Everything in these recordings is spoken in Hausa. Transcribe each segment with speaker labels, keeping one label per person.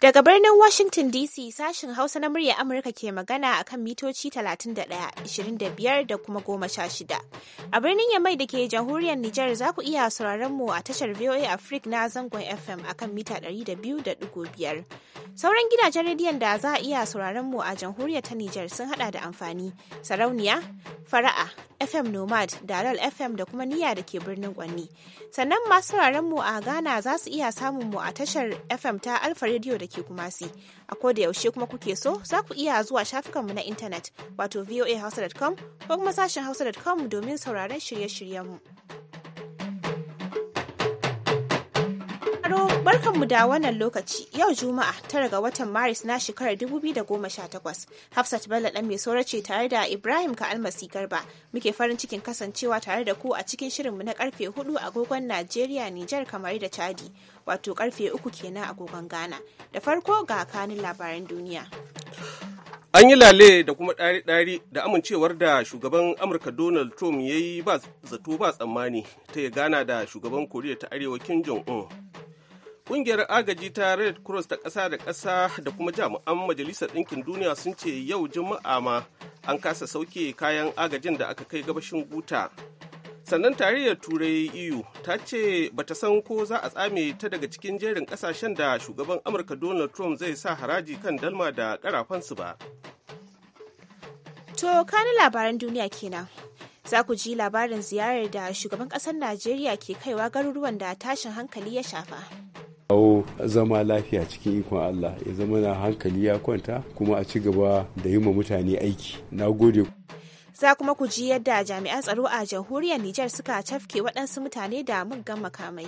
Speaker 1: Daga birnin Washington DC sashin Hausa na murya Amurka ke magana a kan mitoci 31, 25 da kuma 16. A birnin Yamai da ke jamhuriyar Nijar za ku iya sauraron mu a tashar VOA Africa na zangon FM a kan mita 200.5. Sauran gidajen rediyon da za a iya sauraron mu a jamhuriyar ta Nijar sun hada da amfani, sarauniya, fara'a, FM Nomad, Dalal FM da kuma Niyya da ke birnin Gwanni. Sannan masu mu a Ghana za su iya samun mu a tashar FM ta Alfa Radio da ke Kumasi. A ko da yaushe kuma kuke so za ku iya zuwa shafukanmu na intanet wato voahausa.com ko kuma sashen hausa.com domin sauraron shirye-shiryenmu. Barkanmu da wannan lokaci yau Juma'a tara ga watan Maris na shekarar 2018. Hafsat Bello dan mai saura ce tare da Ibrahim ka almasi garba muke farin cikin kasancewa tare da ku a cikin shirinmu na karfe 4 agogon Najeriya, Nijar, kamar da Chadi, wato karfe 3 kenan agogon Ghana. Da farko ga kanin labaran duniya.
Speaker 2: An yi lale da kuma ɗari-ɗari da amincewar da shugaban Amurka Donald Trump ya yi ba zato ba tsammani ta ya gana da shugaban Koriya ta Arewa Kim Jong-un. Kungiyar agaji ta Red Cross ta ƙasa da ƙasa da kuma jami'an Majalisar Ɗinkin Duniya sun ce yau Juma'a ma an kasa sauke kayan agajin da aka kai gabashin Guta. Sannan tarayyar Turai EU ta ce bata san ko za a tsame ta daga cikin jerin ƙasashen da shugaban Amurka Donald Trump zai sa haraji kan dalma da ƙarafansu ba.
Speaker 1: To kani labaran duniya kenan. Za ku ji labarin ziyarar da shugaban ƙasar Najeriya ke kaiwa garuruwan da tashin hankali ya shafa.
Speaker 3: kawo zama lafiya cikin ikon Allah ya zama na hankali ya kwanta kuma a ci gaba da yi ma mutane aiki na gode
Speaker 1: za kuma ku ji yadda jami'an tsaro a jamhuriyar Nijar suka tafke waɗansu mutane da muggan makamai.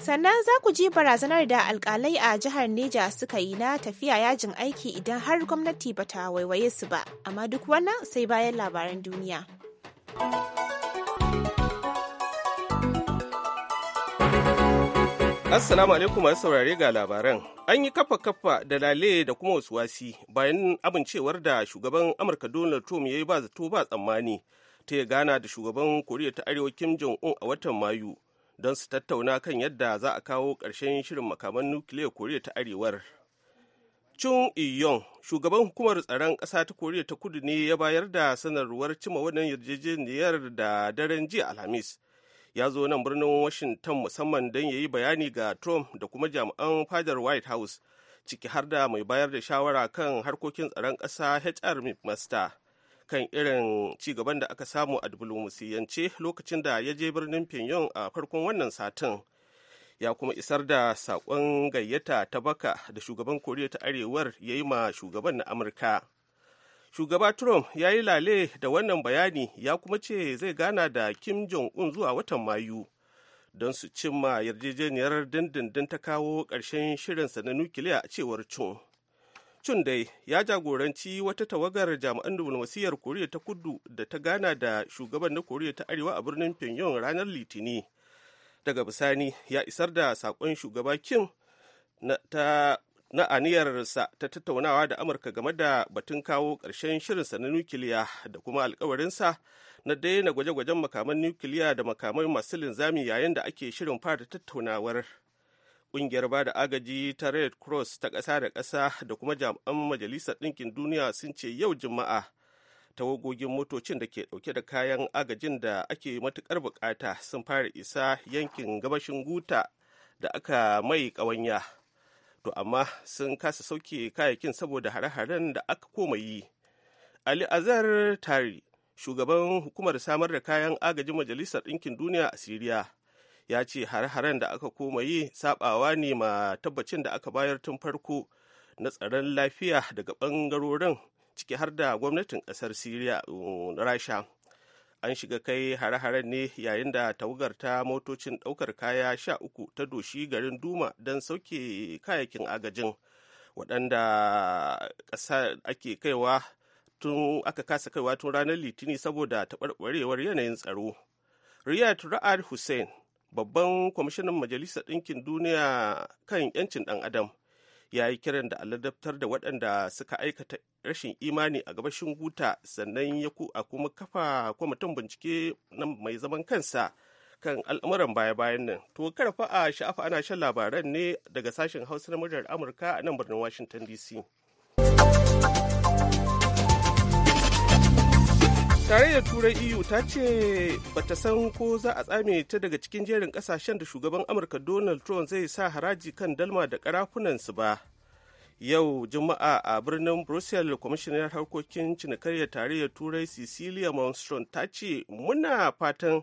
Speaker 1: sannan za ku ji barazanar da alkalai a jihar Neja suka yi na tafiya yajin aiki idan har gwamnati bata waiwaye su ba amma duk wannan sai bayan labaran duniya.
Speaker 2: Assalamu alaikum masu saurare ga labaran. An yi kafa kafa da lale da kuma wasu wasi bayan amincewar da shugaban Amurka Donald Trump ya yi ba zato ba tsammani ta ya gana da shugaban Koriya ta Arewa Kim Jong-un a watan Mayu don su tattauna kan yadda za a kawo ƙarshen shirin makaman nukiliyar Koriya ta Arewar. Chung iyon shugaban hukumar tsaron ƙasa ta Koriya ta Kudu ne ya bayar da sanarwar cima wannan yarjejeniyar da daren jiya Alhamis. ya zo nan birnin washington musamman don ya yi bayani ga trump da kuma jami'an fadar white house ciki har da mai bayar da shawara kan harkokin tsaron ƙasa hr mcmaster kan irin ci gaban da aka samu a diplomasiyance lokacin da ya je birnin pyongyang a farkon wannan satin ya kuma isar da saƙon gayyata ta baka da shugaban koriya ta arewar ya yi ma shugaban na amurka shugaba trump ya yi lale da wannan bayani ya kuma ce zai gana da kim jong-un zuwa watan mayu don su cimma yarjejeniyar dindindin ta kawo ƙarshen shirinsa na nukiliya a cewar chun chun dai ya jagoranci wata tawagar jami'an diflomasiyyar koriya ta kudu da ta gana da shugaban na koriya ta arewa a birnin pyongyang ranar litini daga bisani ya isar da saƙon shugaba kim ta na aniyarsa ta tattaunawa da amurka game da batun kawo ƙarshen shirinsa na nukiliya da kuma alkawarinsa na daina gwaje-gwajen makaman nukiliya da makamai masu linzami yayin da ake shirin fara tattaunawar ƙungiyar ba da agaji ta red cross ta ƙasa da ƙasa da kuma jami'an majalisar ɗinkin duniya sun ce yau juma'a tawagogin motocin da ke ɗauke da kayan agajin da ake matuƙar buƙata sun fara isa yankin gabashin guta da aka mai ƙawanya. to amma sun kasa sauke kayakin saboda hare-haren da aka koma yi ali azar tari shugaban hukumar samar da kayan agajin majalisar ɗinkin duniya a siriya ya ce hare-haren da aka koma yi sabawa ne ma tabbacin da aka bayar tun farko na tsaron lafiya daga ɓangarorin ciki har da gwamnatin ƙasar siriya mm, rasha an shiga kai hare-haren ne yayin da tawagar ta motocin daukar kaya sha uku ta doshi garin duma don sauke kayakin agajin waɗanda ƙasa ake kaiwa tun aka kasa kaiwa tun ranar litini saboda taɓarɓarewar yanayin tsaro riyad ra'ad hussein babban kwamishinan majalisar ɗinkin duniya kan 'yancin ɗan adam ya yi kiran da aladabtar da waɗanda suka aikata rashin imani a gabashin guta sannan ya a kuma kafa kwamitin bincike na mai zaman kansa kan al'amuran baya-bayan nan to karfa a sha'afa ana shan labaran ne daga sashen hausa na muryar amurka a nan birnin washington dc tarayyar turai eu ta ce bata san ko za a tsame ta daga cikin jerin kasashen da shugaban amurka donald trump zai sa haraji kan dalma da karafunansu ba yau juma'a a birnin brussels kwamishinar harkokin cinikayyar tarayyar turai cecilia monstrom ta ce muna fatan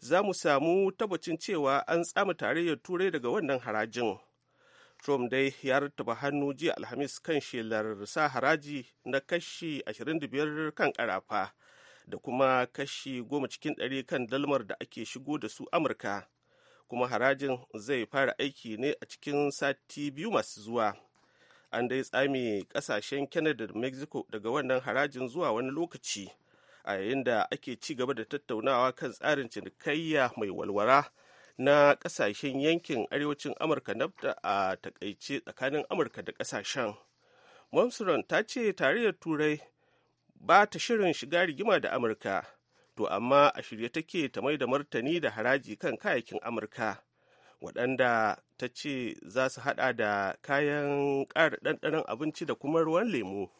Speaker 2: za mu samu tabbacin cewa an tsama tarayyar turai daga wannan harajin trump dai ya rattaba hannu jiya alhamis kan shelar sa haraji na kashi 25 kan karafa da kuma kashi goma cikin ɗari kan dalmar da ake shigo da su amurka kuma harajin zai fara aiki ne a cikin sati biyu masu zuwa an dai tsami ƙasashen canada da mexico daga wannan harajin zuwa wani lokaci a yayin da ake ci gaba da tattaunawa kan tsarin cinikayya mai walwara na ƙasashen yankin arewacin amurka nafta a takaice tsakanin amurka da ƙasashen. Momsuron ta ce tarayyar turai ba ta shirin shiga rigima da amurka to amma a shirye take ta mai da martani da haraji kan kayakin amurka waɗanda ta ce za su haɗa da kayan ƙara ɗanɗanon abinci da kuma ruwan lemu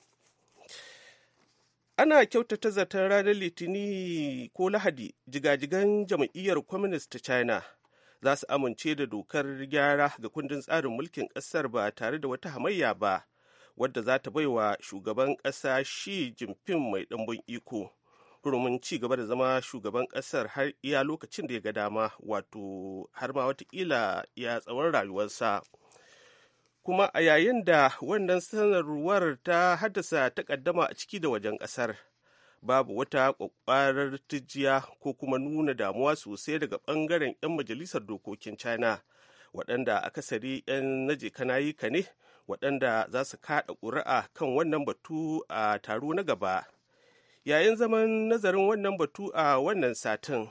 Speaker 2: ana kyautata zaton ranar litini ko lahadi jigajigan jam'iyyar communist ta china za su amince da dokar gyara ga kundin tsarin mulkin ƙasar ba tare da wata hamayya ba wadda za ta baiwa shugaban ƙasa shi jimfin mai ɗanbun iko hurumin ci gaba da zama shugaban ƙasar har iya lokacin da ya ga dama wato har ma watakila ya tsawon rayuwarsa kuma a yayin da wannan sanarwar ta haddasa takaddama a ciki da wajen ƙasar babu wata ƙwaƙwarar tijiya ko kuma nuna damuwa sosai daga ɓangaren 'yan majalisar dokokin china waɗanda akasari 'yan naje ka ne waɗanda za su kaɗa ƙuri'a kan wannan batu a taro na gaba yayin zaman nazarin wannan batu a wannan satin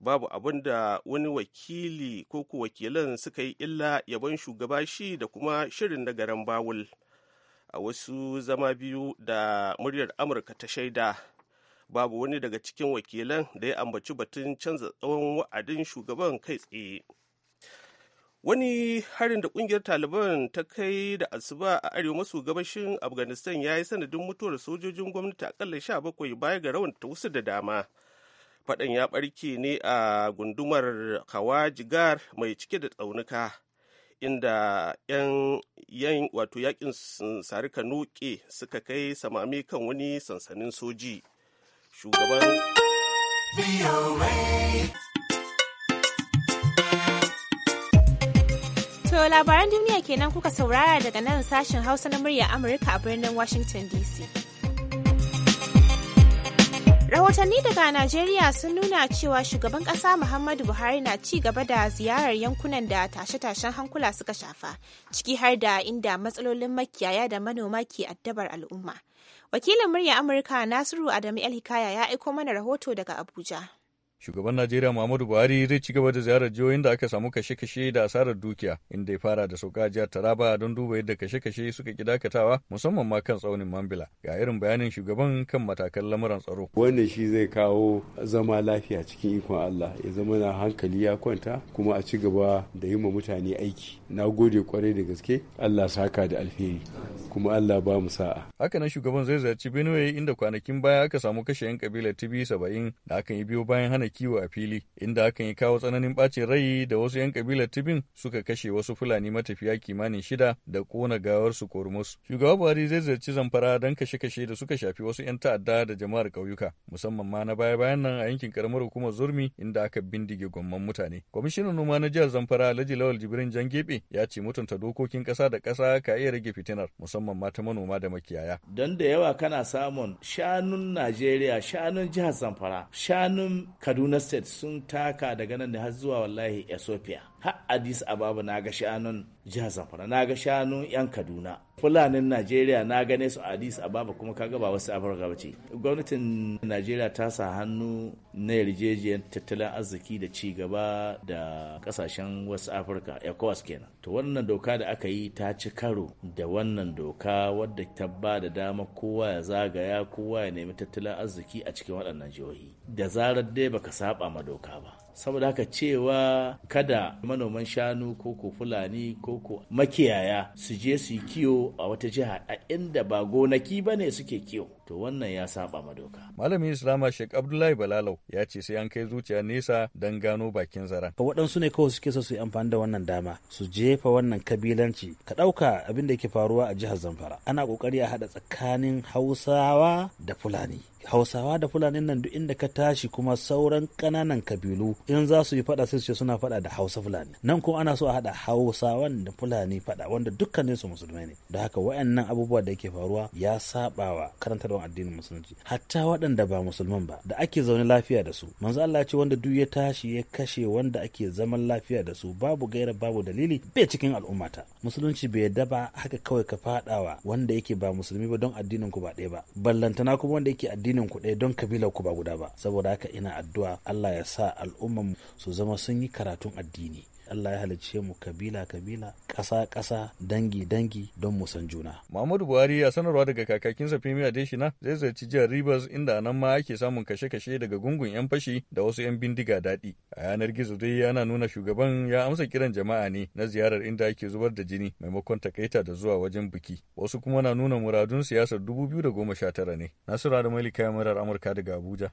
Speaker 2: babu abin da wani wakili ko ku wakilan suka yi illa yaban shugaba shi da kuma shirin na garan bawul a wasu zama biyu da muryar amurka ta shaida babu wani daga cikin wakilan da ya ambaci batun canza tsawon wa'adin shugaban kai tsaye wani harin da kungiyar taliban ta kai da asuba a arewa maso gabashin afghanistan ya yi sanadin mutuwar sojojin gwamnati akalla bakwai baya ga rawan ta wasu da dama faɗan ya ɓarke ne a gundumar Jigar mai cike da tsaunuka inda yan wato yakin sarika noke suka kai samami kan wani sansanin soji shugaban
Speaker 1: To labaran duniya kenan kuka saurara daga nan sashen Hausa na murya Amurka a birnin Washington DC. Rahotanni daga Najeriya sun nuna cewa shugaban ƙasa Muhammadu Buhari na ci gaba da ziyarar yankunan da tashe-tashen hankula suka shafa, ciki har da inda matsalolin makiyaya da manoma ke addabar al'umma. Wakilin murya Amurka Nasiru Adamu El ya aiko mana rahoto daga Abuja.
Speaker 4: Shugaban Najeriya Muhammadu Buhari zai ci gaba da ziyarar jihohin da aka samu kashe-kashe da asarar dukiya, inda ya fara da sauka jihar Taraba don duba yadda kashe-kashe suka ki dakatawa musamman ma kan tsaunin Mambila. Ga irin bayanin shugaban kan matakan lamuran tsaro.
Speaker 3: Wannan shi zai kawo zama lafiya cikin ikon Allah, ya zama na hankali ya kwanta kuma a ci gaba da yi ma mutane aiki. Na gode kwarai da gaske, Allah saka
Speaker 5: da alheri, kuma Allah ba mu sa'a.
Speaker 4: Haka nan shugaban zai ziyarci Benue inda kwanakin baya aka samu kashe 'yan kabilar Tibi saba'in da akan yi biyo bayan hana kiwo a fili, inda hakan ya kawo tsananin bacin rai da wasu 'yan kabilar Tibin suka kashe wasu Fulani matafiya kimanin shida da ƙona gawarsu kormos. Shugaba Buhari zai ziyarci zamfara don kashe-kashe da suka shafi wasu 'yan ta'adda da jama'ar ƙauyuka, musamman ma na baya-bayan nan a yankin karamar hukumar Zurmi inda aka bindige gwamman mutane. Kwamishinan noma na jihar Zamfara Alhaji Lawal Jibrin Jangebe ya ce mutunta dokokin ƙasa da ƙasa ka iya rage fitinar, musamman ma ta manoma da makiyaya.
Speaker 5: Don da yawa kana samun shanun Najeriya, shanun jihar Zamfara, shanun Kaduna kaduna state sun taka daga nan da har zuwa wallahi ethiopia har Addis Ababa na ga shanun jihar Zamfara na ga shanun yan Kaduna Fulanin Najeriya na gane su Addis Ababa kuma kaga ba wasu Afirka ba ce gwamnatin Najeriya ta sa hannu na yarjejiyar tattalin arziki da ci gaba da kasashen wasu Afirka ECOWAS kenan to wannan doka da aka yi ta ci karo da wannan doka wadda ta ba da dama kowa ya zagaya kowa ya nemi tattalin arziki a cikin waɗannan jihohi da zarar dai baka saba ma doka ba saboda haka cewa kada manoman shanu ko ko fulani ko ko makiyaya su je su
Speaker 4: yi kiwo a wata jiha a inda ba gonaki ba ne suke kiwo to wannan ya saba madoka. Malamin Islama Sheikh Abdullahi Balalau ya ce sai an kai zuciya nesa don gano bakin zaren. ka waɗansu ne kawai suke so su yi amfani da wannan dama su jefa wannan kabilanci ka ɗauka abin
Speaker 5: da yake faruwa a jihar Zamfara. Ana ƙoƙari a haɗa tsakanin Hausawa da Fulani. hausawa da fulani nan duk inda ka tashi kuma sauran ƙananan kabilu in za su yi faɗa sai su ce suna faɗa da hausa fulani nan kuma ana so a haɗa hausawan da fulani faɗa wanda dukkanin su musulmai ne da haka waɗannan abubuwa da yake faruwa ya sabawa karantar koyarwar addinin musulunci hatta waɗanda ba musulman ba da ake zaune lafiya da su manzo Allah ya ce wanda duk ya tashi ya kashe wanda ake zaman lafiya da su babu gaira babu dalili bai cikin al'ummata musulunci bai yadda ba haka kawai ka fadawa wanda yake ba musulmi ba don addinin ku ba ɗaya ba ballantana kuma wanda yake addinin ku ɗaya don kabilar ku ba guda ba saboda haka ina addu'a Allah ya sa al'umman su zama sun yi karatun addini Allah ya halicce mu kabila kabila ƙasa ƙasa dangi dangi don mu san juna.
Speaker 4: Muhammadu Buhari ya sanarwa daga kakakin kakakinsa Femi Adeshina zai zaci jihar Rivers inda nan ma ake samun kashe-kashe daga gungun 'yan fashi da wasu 'yan bindiga daɗi. A yanar gizo dai yana nuna shugaban ya amsa kiran jama'a ne na ziyarar inda ake zubar da jini maimakon takaita da zuwa wajen biki. Wasu kuma na nuna muradun siyasar 2019 ne. Nasiru Adamu Malika Murar Amurka daga Abuja.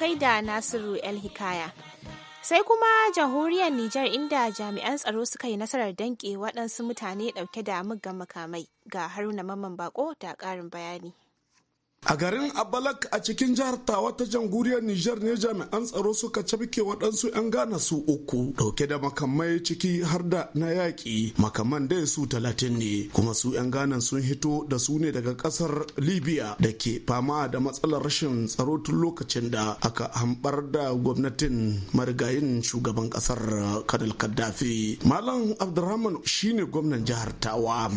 Speaker 1: gaida Nasiru El Hikaya. Sai kuma jamhuriyar Nijar inda jami'an tsaro suka yi nasarar danƙe waɗansu mutane ɗauke da muggan makamai ga haruna mamman bako da ƙarin bayani.
Speaker 5: A garin Abalak a cikin jihar Tawa ta jamhuriyar Nijar ne jami'an tsaro suka cafke waɗansu 'yan Ghana su uku dauke da makamai ciki har da na yaƙi makaman dai su talatin ne kuma su 'yan Ghana sun hito da su ne daga ƙasar Libya da ke fama da matsalar rashin tsaro tun lokacin da aka hambar da gwamnatin marigayin shugaban ƙasar Kadal Kaddafi. Malam Abdurrahman shine gwamnan jihar Tawa.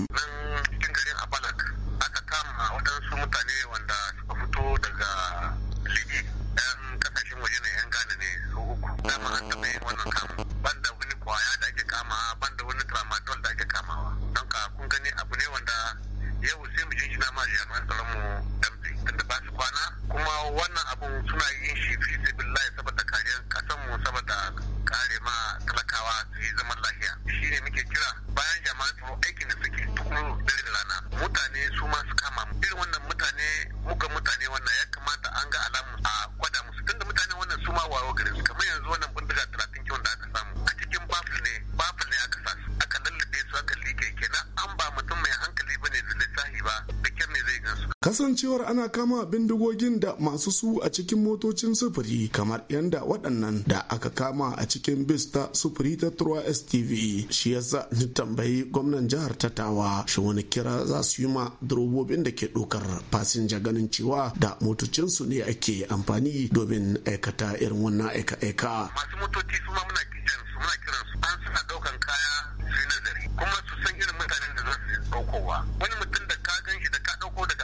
Speaker 5: kasancewar ana kama bindigogin da masu su a cikin motocin sufuri kamar yadda waɗannan da aka kama a cikin bis ta sufuri ta turwa stv shi yasa ni tambayi gwamnan jihar tatawa shi wani kira za su yi ma durobobin da ke ɗaukar fasinja ganin cewa da motocinsu ne ake amfani domin aikata irin wannan aika-aika
Speaker 6: masu motoci su muna kiran an suna ɗaukan kaya su nazari kuma su san irin mutanen da za su wani mutum da ka gan shi da ka ɗauko daga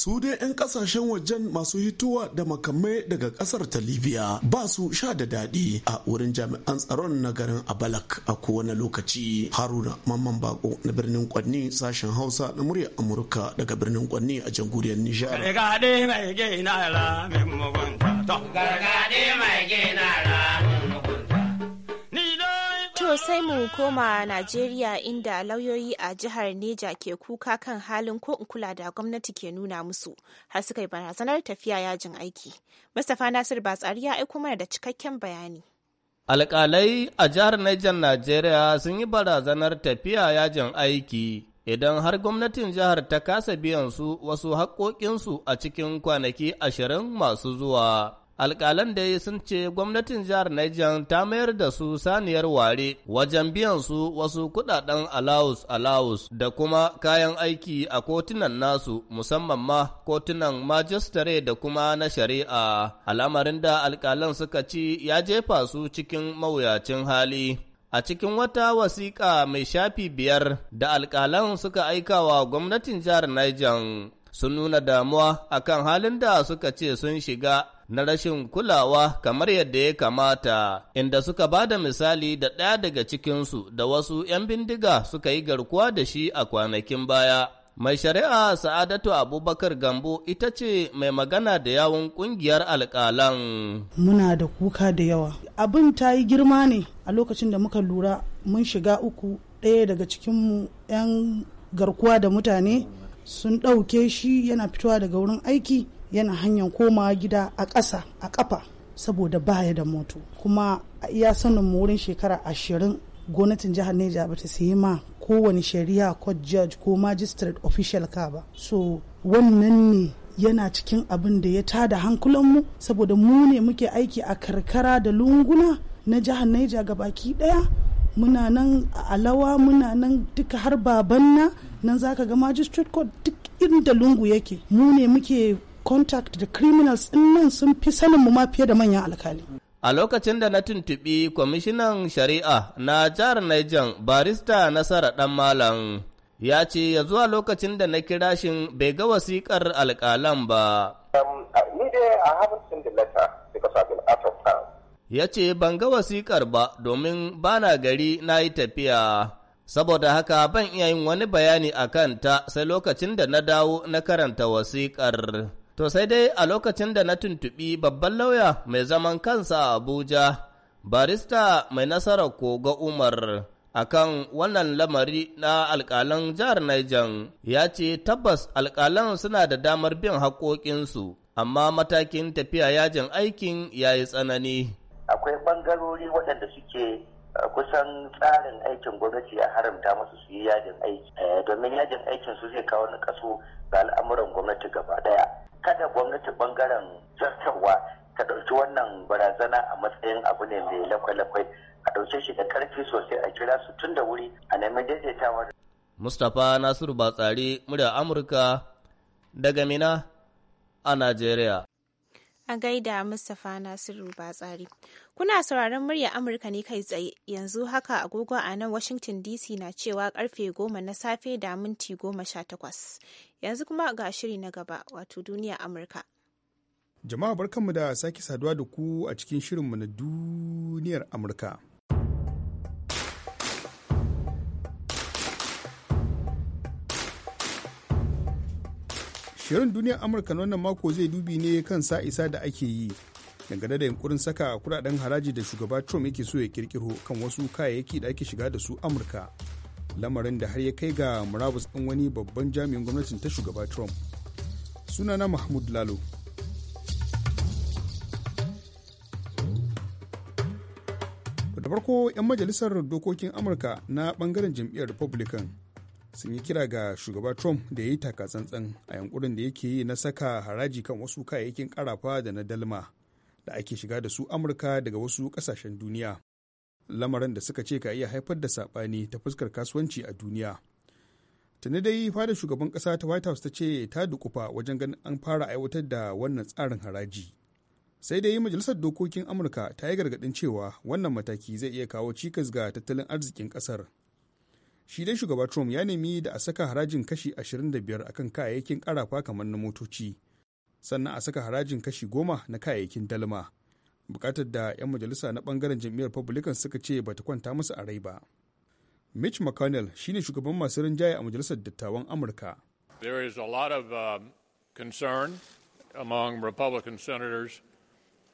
Speaker 5: su dai 'yan kasashen wajen masu hituwa da makamai daga kasar ta libya ba su sha da daɗi a wurin jami'an tsaron na garin abalak a kowane lokaci haruna mamman bako na birnin kwanni sashen hausa na murya amurka daga birnin kwanni a
Speaker 2: jamhuriyar nijar gargaɗe mai gina ra mai mugunta
Speaker 5: gargaɗe mai gina ra
Speaker 1: To sai mu koma Najeriya inda lauyoyi a jihar Neja ke kuka kan halin ko in kula da gwamnati ke nuna musu har suka yi barazanar tafiya yajin aiki. Mustapha Nasir Batsari ya aiko mana da cikakken bayani.
Speaker 7: Alƙalai a jihar Niger Najeriya sun yi barazanar tafiya yajin aiki idan har gwamnatin jihar ta kasa biyan su wasu haƙoƙinsu a cikin kwanaki ashirin masu zuwa. alkalan da ya sun ce gwamnatin jihar Niger ta mayar da su saniyar ware wajen biyan su wasu kudaden alawus alawus da kuma kayan aiki a kotunan nasu musamman ma kotunan majistare da kuma na shari'a al'amarin da alkalan suka ci ya jefa su cikin mawuyacin hali a cikin wata wasiƙa mai shafi biyar da alƙalan suka aika wa gwamnatin jihar Niger sun nuna damuwa akan halin da suka ce sun shiga na rashin kulawa kamar yadda ya kamata, inda suka ba da misali da ɗaya daga cikinsu da wasu ‘yan bindiga suka yi garkuwa da shi a kwanakin baya. Mai shari'a Sa'adatu Abubakar Gambo ita ce mai magana da yawun ƙungiyar alƙalan.
Speaker 8: Muna da kuka da yawa. Abin ta yi girma ne a lokacin da muka lura mun shiga uku ɗaya daga cikinmu 'yan garkuwa da mutane sun ɗauke shi yana fitowa daga wurin aiki yana hanyar koma gida a ƙasa a ƙafa saboda baya da moto kuma ya sanin mu wurin shekara ashirin gwamnatin jihar Neja ba ta sayi ma kowane shari'a ko judge ko magistrate official ka ba so wannan ne yana cikin abin da ya tada hankulanmu saboda mu ne muke aiki a karkara da lunguna na jihar neja ga baki daya muna nan alawa muna nan duka har babanna nan zaka ga magistrate court duk inda lungu yake mu ne muke contact da criminals din nan sun fi sanin mu ma fiye da manyan alkali.
Speaker 7: A lokacin da na tuntuɓi kwamishinan shari'a na jihar Niger barista Nasara ɗan Malam ya ce ya zuwa lokacin da na kira shi bai ga wasikar alƙalan ba. Ya ce ban ga wasikar ba domin ba na gari na yi tafiya. saboda haka ban iya yin wani bayani a kanta sai lokacin da na dawo na karanta wasiƙar. To sai dai a lokacin da na tuntuɓi babban lauya mai zaman kansa a Abuja, barista mai nasarar koga Umar a kan wannan lamari na alƙalan jihar Niger ya ce tabbas alƙalan suna da damar bin haƙoƙinsu, amma matakin tafiya yajin aikin ya yi tsanani. Akwai bangarori waɗanda suke kusan tsarin aikin gwamnati ya haramta masu su yi yajin aiki eh, domin yajin aikin su zai kawo kaso ga al'amuran gwamnati gaba daya kada gwamnati bangaren zartarwa ta ɗauki wannan barazana a
Speaker 6: matsayin abu ne mai lakwai-lakwai a ɗauke shi da karfi sosai a kira su tun da wuri a neman daidaitawa.
Speaker 7: Mustapha Nasiru Batsari, murya Amurka daga Mina a Najeriya.
Speaker 1: a gaida Mustapha Nasiru Batsari. Kuna sauraron murya Amurka ne kai tsaye yanzu haka agogo a nan Washington DC na cewa karfe goma na safe da minti goma sha takwas. Yanzu kuma ga shiri na gaba wato duniya Amurka.
Speaker 3: Jama'a barkanmu da sake saduwa da ku a cikin shirinmu na duniyar Amurka. Shirin duniyar Amurka na wannan mako zai dubi ne kan sa isa da ake yi dangane da yunkurin saka kudaden haraji da shugaba Trump yake so ya kirkiro kan wasu kayayyaki da ake shiga da su Amurka. Lamarin da har ya kai ga murabus ɗin wani babban jami'in gwamnatin ta shugaba Trump. Sunana Mahmud Lalo. Da farko 'yan majalisar dokokin Amurka na bangaren jam'iyyar Republican sun yi kira ga shugaba trump da ya yi takatsantsan a yankurin da yake yi na saka haraji kan wasu kayayyakin karafa da na dalma da ake shiga da su amurka daga wasu kasashen duniya lamarin da suka ce ka iya haifar da saɓani ta fuskar kasuwanci a duniya tuni dai fadar shugaban ƙasa ta white house ta ce ta dukufa wajen ganin an fara aiwatar da wannan tsarin haraji sai dai majalisar dokokin amurka ta yi gargadin cewa wannan mataki zai iya kawo cikas ga tattalin arzikin ƙasar shi dai shugaba trump ya nemi da a saka harajin kashi 25 akan kayayyakin karafa kamar na motoci sannan a saka harajin kashi 10 na kayayyakin dalma bukatar da 'yan majalisa na bangaren jam'iyyar republican suka ce ba ta kwanta musu a rai ba mitch mcconnell shine shugaban masu rinjaye a majalisar dattawan amurka
Speaker 7: there is a um, concern among republican senators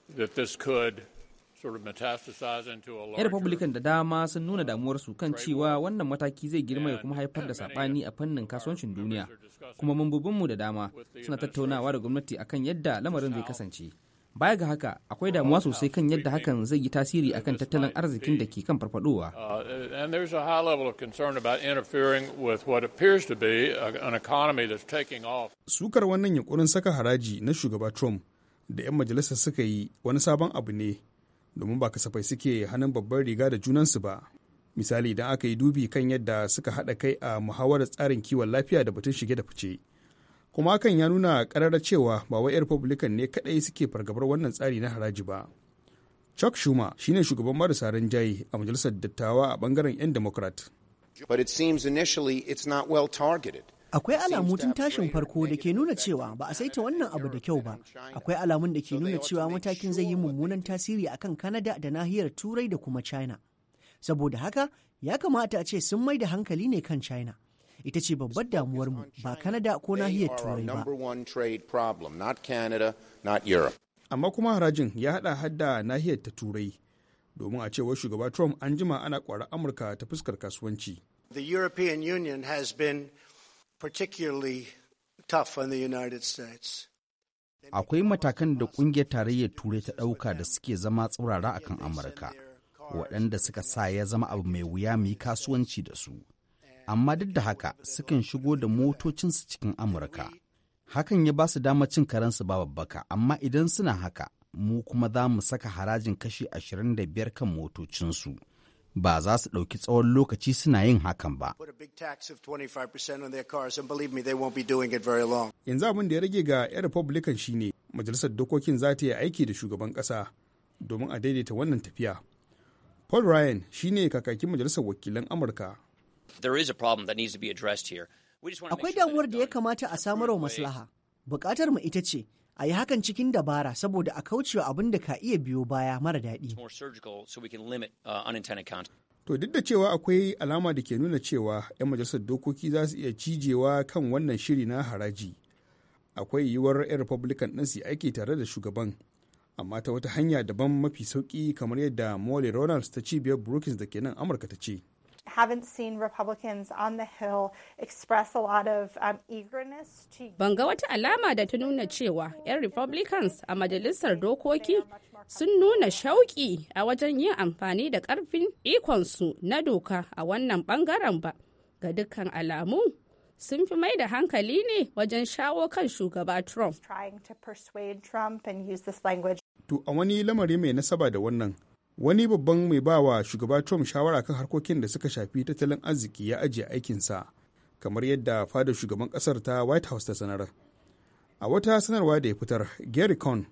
Speaker 7: that this could 'Yan Republican
Speaker 2: da dama sun nuna um, damuwarsu kan cewa wannan mataki zai girma ya kuma haifar da saɓani a fannin kasuwancin duniya, kuma mambobinmu da dama suna tattaunawa da gwamnati akan yadda lamarin zai kasance. Baya ga haka, akwai damuwa sosai kan yadda hakan zai yi tasiri akan tattalin arzikin da ke kan farfadowa.
Speaker 7: Uh, uh,
Speaker 2: Sukar wannan
Speaker 3: yankurin saka haraji na shugaba Trump da 'yan majalisar suka yi wani sabon abu ne domin ba kasafai suke hannun babbar riga da junansu ba misali idan aka yi dubi kan yadda suka haɗa kai a muhawarar tsarin kiwon lafiya da batun shige da fice kuma hakan ya nuna ƙararra cewa ba wai republican ne kaɗai suke fargabar wannan tsari na haraji ba chuck schumer shine shugaban marasa rinjaye a majalisar dattawa a bangaren 'yan democrat
Speaker 7: but
Speaker 6: it seems initially it's not well targeted akwai alamu tun tashin farko da ke nuna cewa ba a saita wannan abu da kyau ba akwai alamun da ke nuna cewa matakin zai yi mummunan tasiri akan
Speaker 3: kanada da nahiyar turai da kuma china saboda haka ya kamata a ce sun mai da hankali ne kan china ita ce babbar damuwar mu ba kanada ko nahiyar turai ba amma kuma harajin ya hada hadda nahiyar ta turai domin a cewar shugaba trump an jima ana kwara amurka ta fuskar kasuwanci
Speaker 5: The European Union has been particularly tough on the United States.
Speaker 2: Akwai matakan da ƙungiyar tarayyar Turai ta ɗauka da suke zama tsaurara
Speaker 5: a kan Amurka, waɗanda suka sa ya zama abu mai wuya mu yi kasuwanci da su. Amma duk da haka sukan shigo da motocinsu cikin Amurka. Hakan ya
Speaker 2: ba su dama cin karensu ba babbaka, amma idan suna haka, mu kuma za mu saka harajin kashi ashirin da biyar kan motocinsu. ba za su ɗauki tsawon lokaci suna yin hakan ba. Yanzu abin da ya rage
Speaker 3: ga 'yan Republican shine majalisar dokokin za ta yi aiki da shugaban ƙasa domin a daidaita wannan tafiya. Paul Ryan shi ne kakakin majalisar wakilan Amurka. Akwai damuwar da ya kamata a samar wa maslaha. Bukatar mu ita ce a yi hakan cikin dabara saboda a kaucewa abin da ka iya biyo baya mara daɗi.
Speaker 4: Uh,
Speaker 3: to duk da cewa akwai alama da ke nuna cewa 'yan majalisar dokoki za su iya cijewa kan wannan shiri na haraji. Akwai yiwuwar 'yan Republican ɗin su aiki tare da shugaban, amma ta wata hanya daban mafi sauƙi kamar yadda Molly Ronalds ta cibiyar Brookings da ke nan Amurka ta ce.
Speaker 1: haven't seen Republicans on the Hill express a lot of um, eagerness to. Ban ga wata
Speaker 8: alama da ta nuna cewa 'yan Republicans a Majalisar Dokoki sun nuna shauƙi a wajen yin amfani da ƙarfin ikonsu na doka a wannan ɓangaren ba. Ga dukkan alamu, sun fi mai da hankali ne wajen shawo kan shugaba Trump.
Speaker 3: To a wani lamari mai nasaba da wannan wani babban mai bawa shugaba trump shawara kan harkokin da suka shafi tattalin arziki ya ajiye aikinsa kamar yadda fadar shugaban kasar ta white house ta sanar a wata sanarwa da ya fitar gary cohn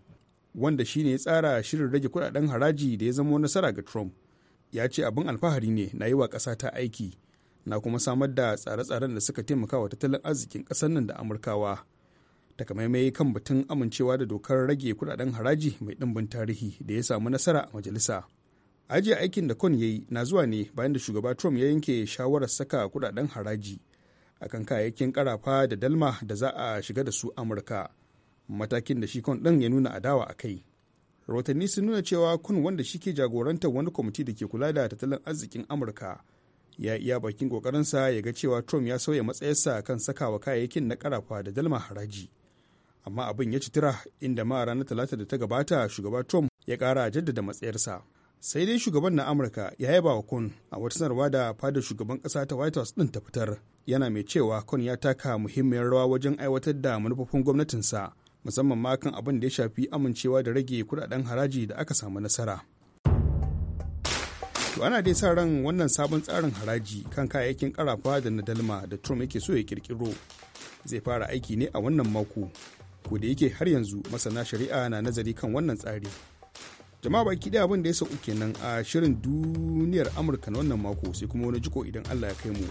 Speaker 3: wanda shine ya tsara shirin rage kudaden haraji da ya zamo nasara ga trump ya ce abin alfahari ne na yi wa ƙasa ta aiki na kuma samar da tsare-tsaren da suka taimaka wa tattalin arzikin ƙasar nan da amurkawa takamaimai kan batun amincewa da dokar rage kudaden haraji mai ɗimbin tarihi da ya samu nasara a majalisa aji aikin da kon ya yi na zuwa ne bayan da shugaba trump ya yanke shawarar saka kudaden haraji akan kayayyakin karafa da dalma da za a shiga da su amurka matakin da shi kon ɗin ya nuna adawa a kai rahotanni sun nuna cewa kun wanda shi ke jagorantar wani kwamiti da ke kula da tattalin arzikin amurka ya iya bakin kokarinsa ya ga cewa trump ya sauya matsayarsa kan sakawa kayayyakin na karafa da dalma haraji amma abin ya ci tira inda ma ranar talata da ta gabata shugaba trump ya kara jaddada matsayarsa sai dai shugaban na amurka ya yaba wa kun a wata sanarwa da fadar shugaban kasa ta white house din ta fitar yana mai cewa kun ya taka muhimmiyar rawa wajen aiwatar da manufofin gwamnatinsa musamman ma kan abin da ya shafi amincewa da rage kudaden haraji da aka samu nasara to ana dai sa ran wannan sabon tsarin haraji kan kayayyakin karafa da na dalma da trump yake so ya kirkiro zai fara aiki ne a wannan mako ko da yake har yanzu masana shari'a na nazari kan wannan tsari jama'a baki ɗaya abin da ya sauke nan a shirin duniyar amurka na wannan mako sai kuma wani jiko idan allah ya kai mu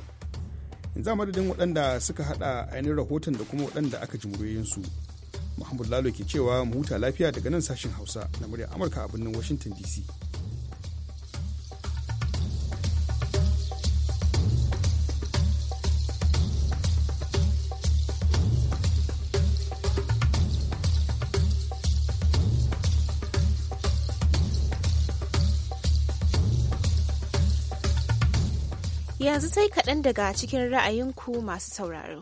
Speaker 3: yanzu a madadin waɗanda suka haɗa ainihin rahoton da kuma waɗanda aka ji su muhammadu lalo ke cewa mu huta lafiya daga nan sashen hausa na murya amurka a birnin washington dc
Speaker 1: Yanzu sai kaɗan daga cikin ra'ayinku masu sauraro.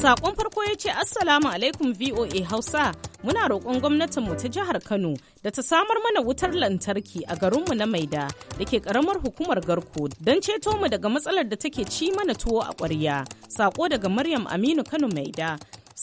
Speaker 8: saƙon farko ya ce Assalamu alaikum VOA Hausa muna roƙon gwamnatinmu ta jihar Kano da ta samar mana wutar lantarki a garinmu na Maida da ke ƙaramar hukumar Garko don ceto mu daga matsalar da take ci mana tuwo a ƙwarya. saƙo daga Maryam Aminu Kano Maida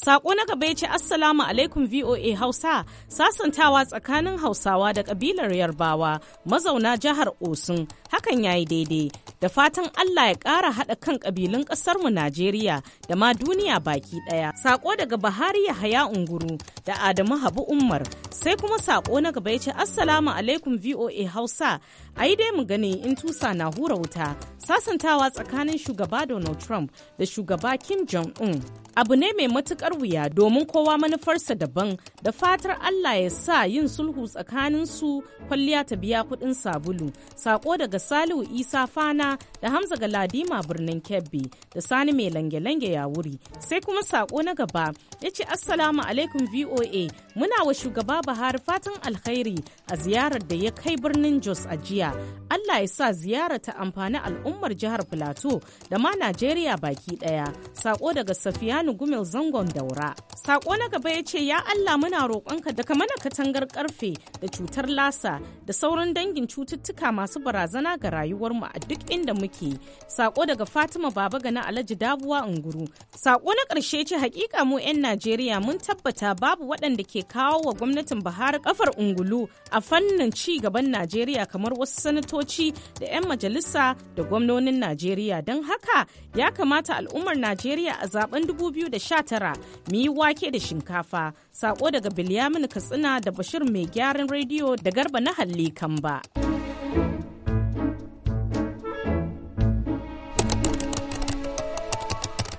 Speaker 8: Sako na gaba ya ce Assalamu alaikum VOA Hausa sasantawa tsakanin Hausawa da kabilar Yarbawa mazauna jihar Osun hakan yayi daidai da fatan Allah ya ƙara haɗa kan ƙabilun ƙasarmu Najeriya da ma duniya baki ɗaya. Sako daga Bahari haya Unguru da Adamu Habu Umar. Sai kuma saƙo na gaba ya ce Assalamu alaikum VOA Hausa. Ai dai mu gani in tusa na hura wuta. Sasantawa tsakanin shugaba Donald Trump da shugaba Kim Jong-un. Abu ne mai matukar wuya domin kowa manufarsa daban da fatar Allah ya sa yin sulhu tsakanin su kwalliya ta biya kuɗin sabulu. Sako daga Salihu Isa Fana da Hamza Galadima birnin Kebbi da Sani mai lange-lange ya wuri. Sai kuma sako na gaba ya ce Assalamu alaikum VOA VOA muna wa shugaba Buhari fatan alkhairi a ziyarar da ya kai birnin Jos a jiya. Allah ya sa ziyara ta amfani al'ummar jihar Filato da ma Najeriya baki daya. Sako daga Safiyanu Gumel Zangon Daura. Sako na gaba ya ce ya Allah muna roƙonka da mana katangar karfe da cutar lasa da sauran dangin cututtuka masu barazana ga rayuwarmu a duk inda muke. Sako daga Fatima Baba Gana Alhaji Dabuwa Unguru. Sako na ƙarshe ce hakika mu 'yan Najeriya mun tabbata babu waɗanda ke kawo wa gwamnatin Buhari kafar ungulu a fannin ci gaban Najeriya kamar wasu sanatoci da 'yan majalisa da gwamnonin Najeriya don haka ya kamata al'ummar Najeriya a zaben 2019 mu yi wake da shinkafa sako daga Bilyamin Katsina da Bashir mai gyaran rediyo da Garba na Halli ba.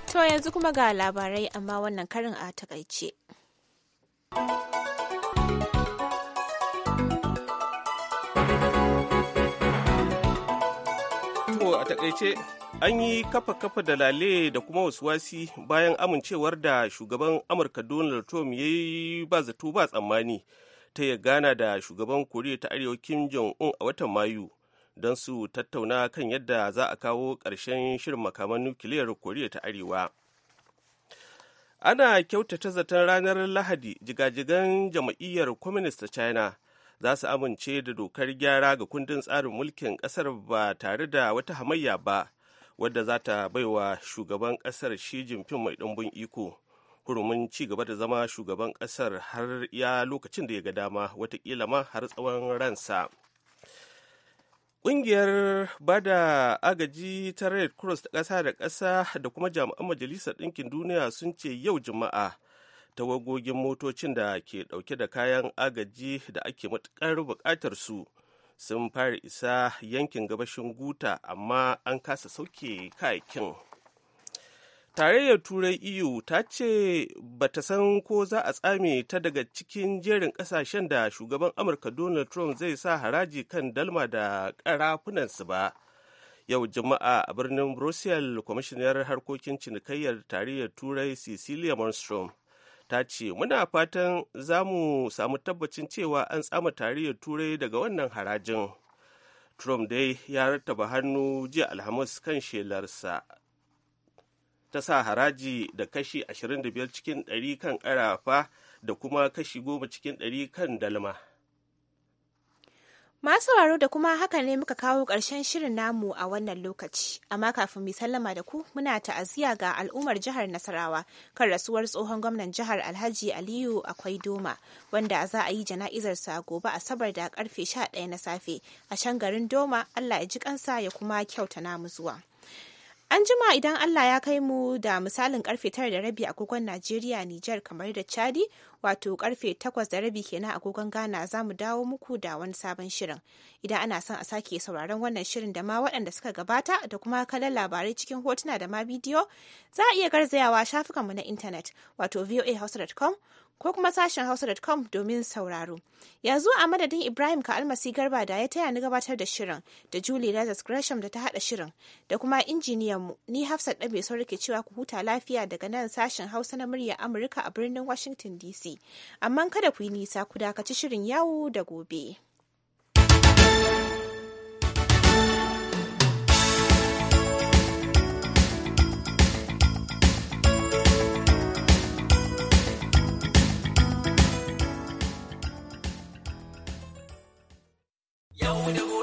Speaker 1: To yanzu kuma ga labarai amma wannan karin a takaice.
Speaker 2: a takaice an yi kafa kafa da lale da kuma wasu wasi bayan amincewar da shugaban amurka donald trump ya yi ba zato ba tsammani ta ya gana da shugaban koriya ta arewa kim jong-un a watan mayu don su tattauna kan yadda za a kawo ƙarshen shirin makaman nukiliyar koriya ta arewa ana kyautata zaton ranar lahadi jigajigan jam'iyyar communist china za su amince da dokar gyara ga kundin tsarin mulkin kasar ba tare da wata hamayya ba wadda za ta bai wa shugaban kasar shi jinfin mai ɗumbin iko hurumin ci gaba da zama shugaban kasar har ya lokacin da ya ga dama watakila ma har tsawon ransa Ƙungiyar bada agaji ta Red Cross ta ƙasa da ƙasa da kuma jami'an Majalisar Ɗinkin Duniya sun ce yau Juma'a wagogin motocin da ke ɗauke da kayan agaji da ake matuƙar buƙatar su sun fara isa yankin gabashin Guta amma an kasa sauke kayakin. tarayyar turai eu ta ce ba ta san ko za a tsame ta daga cikin jerin kasashen da shugaban amurka donald trump zai sa haraji kan dalma da karafunansu ba yau juma'a a birnin brussels kwamishinar harkokin cinikayyar tarayyar turai cecilia monstrom ta ce muna fatan za mu samu tabbacin cewa an tsama tarayyar turai daga wannan harajin trump dai ya rattaba hannu jiya alhamis kan shelarsa ta sa haraji da kashi 25 cikin 100 kan ƙarafa da kuma kashi 10 cikin 100 kan dalma.
Speaker 1: Masu waro da kuma haka ne muka kawo ƙarshen shirin namu a wannan lokaci, amma kafin mu sallama da ku muna ta'aziyya ga al'ummar jihar Nasarawa kan rasuwar tsohon gwamnan jihar Alhaji Aliyu Akwai Doma, wanda za a yi jana'izarsa gobe Asabar da karfe 11 na safe a can garin Doma, Allah ya ji kansa ya kuma kyauta namu zuwa. An jima idan Allah ya kai mu da misalin karfe tara da rabi agogon Najeriya, Nijar kamar da Chadi, wato karfe takwas da rabi kenan agogon Ghana za mu dawo muku da wani sabon shirin. Idan ana son a sake sauraron wannan shirin da ma waɗanda suka gabata da kuma kallon labarai cikin hotuna da ma bidiyo, za a iya garzayawa shafukanmu na intanet wato voahausa.com ko kuma sashen hausa.com domin sauraro. Yanzu a madadin Ibrahim ka almasi garba da ya taya ni gabatar da shirin da Julie Lazarus Gresham da ta haɗa shirin da kuma injiniyan mu ni Hafsat ɗabe sau rike cewa ku huta lafiya daga nan sashen hausa na murya Amurka a birnin Washington DC. Amma kada ku yi nisa ku dakaci shirin yawo da gobe.
Speaker 8: know